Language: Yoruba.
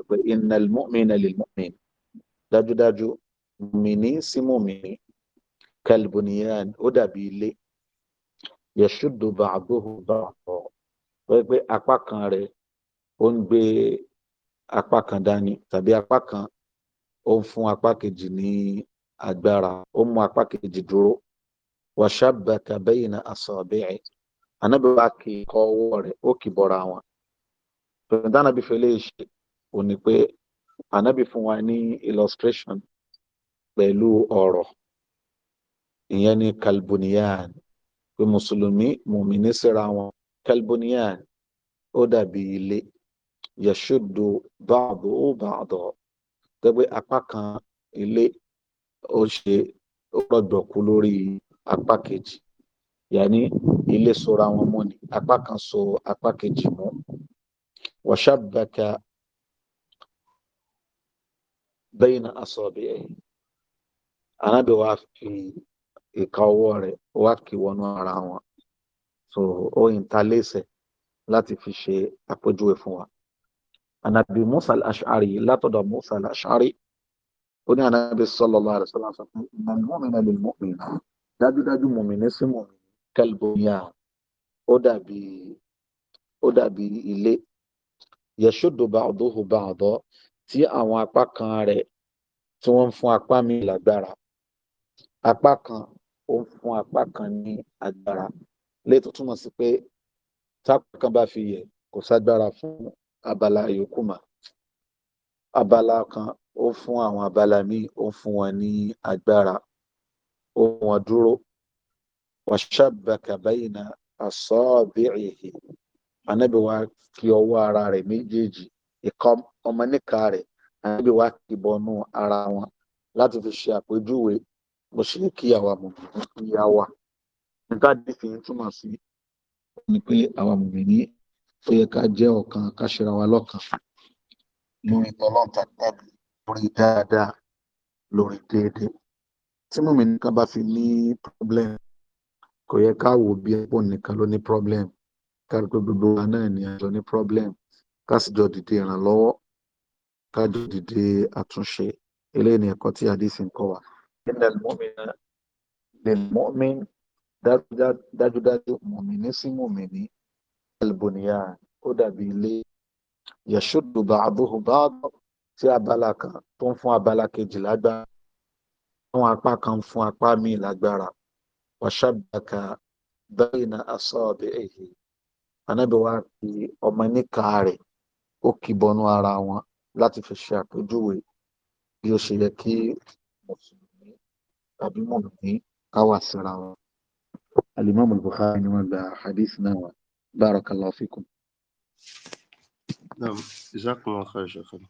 sọ pé innal mu'mina lil mu'min dájúdájú mùmìnì sí mùmìnì kal bunyan ó dàbí ilé yashuddu ba'duhu ba'da wọ́n pé apá kan rẹ̀ ó ń gbé apá kan dání tàbí apá kan ó ń fún apá kejì ní agbára ó mú apá kejì dúró wàṣàbàkà bayna asabi'i anábìwá kì í kọ́ ọwọ́ rẹ̀ ó kì bọ́ra wọn. pẹ̀lú dáná bí fẹ́lẹ́ ṣe ò ní pé ànábì fún wa ní illustration pẹ̀lú ọ̀rọ̀ ìyẹn ní kalbuniyan pé mùsùlùmí mùmíní síra wọn kalbuniyan ó dàbí ilé yasudu báàbò ó báàdọ tẹgbẹ apá kan ilé ó ṣe ó rọ̀gbọ̀kú lórí apá kejì yàní ilé sora wọn mú apá kan so apá kejì mú wàṣàbàkà بين náà أنا ọbẹ̀ ẹ̀ anábì wa fi ìka ọwọ́ rẹ̀ wá kí wọnú ara wọn so ó yìn ta léṣe láti fi ṣe àpèjúwe fún wa anábì musa al-ashari látọ̀dọ̀ musa al-ashari ó ní anábì sallallahu alaihi wasallam sọ pé ìnáni mu'mina lil mu'mina dájúdájú mùmìnì sí mùmìnì kẹlbóyà ó dàbí ó dàbí ilé yashuddu ba'duhu ba'da tí àwọn apá kan rẹ̀ tí wọ́n ń fún apá mi lágbára apá kan ó ń fún apá kan ní agbára léyìí tó sí pé tápá kan bá fi yẹ̀ kò ságbára fún abala yòókù mà abala kan ó fún àwọn abala míì ó fún wọn ní agbára ó wọn dúró wàṣàbàkà bayna asabi'ihi anábìwá kí ọwọ́ ara rẹ̀ méjèèjì ìkọ́mù ọmọ níka rẹ̀ ànábì wa kì bọnú ara wọn láti fi ṣe àpèjúwe bó ṣe kí àwa mùmìnì kí á wà nígbà tí fi ń túmọ̀ sí ni pé àwa mùmìnì ó yẹ ká jẹ́ ọ̀kan ká ṣera wa lọ́kan lórí tọ́lọ́ta tàbí lórí dáadáa lórí déédéé tí mùmìnì kan bá fi ní problem kò yẹ ká wò bí ẹ̀pọ̀ nìkan ló ní problem ká rí pé gbogbo wa náà ní àjọ ní problem ká sì jọ dìde ìrànlọ́wọ́ tájú dìde àtúnṣe eléyìí ni ẹ̀kọ́ tí àdìsí ń kọ́ wa. ilẹ̀ mọ́mìnà lè mọ́mìn dájúdájú mọ̀mìnì sí mọ̀mìnì alboniya ó dàbí ilé yasudu ba'duhu ba'dan tí abala kan tó ń fún abala kejì lágbára àwọn apá kan ń fún apá míì lágbára wàṣàbàkà bayna asabi'ihi anábìwá kí ọmọ níkà rẹ̀ ó kì bọnú ara wọn láti fi ṣe àpèjúwe bí ó ṣe yẹ kí mùsùlùmí tàbí mùmí ká wà síra wọn. alimami bukhari ni wọn gba hadith náà wá barakallahu fikum. naam jazakumullahu khairan.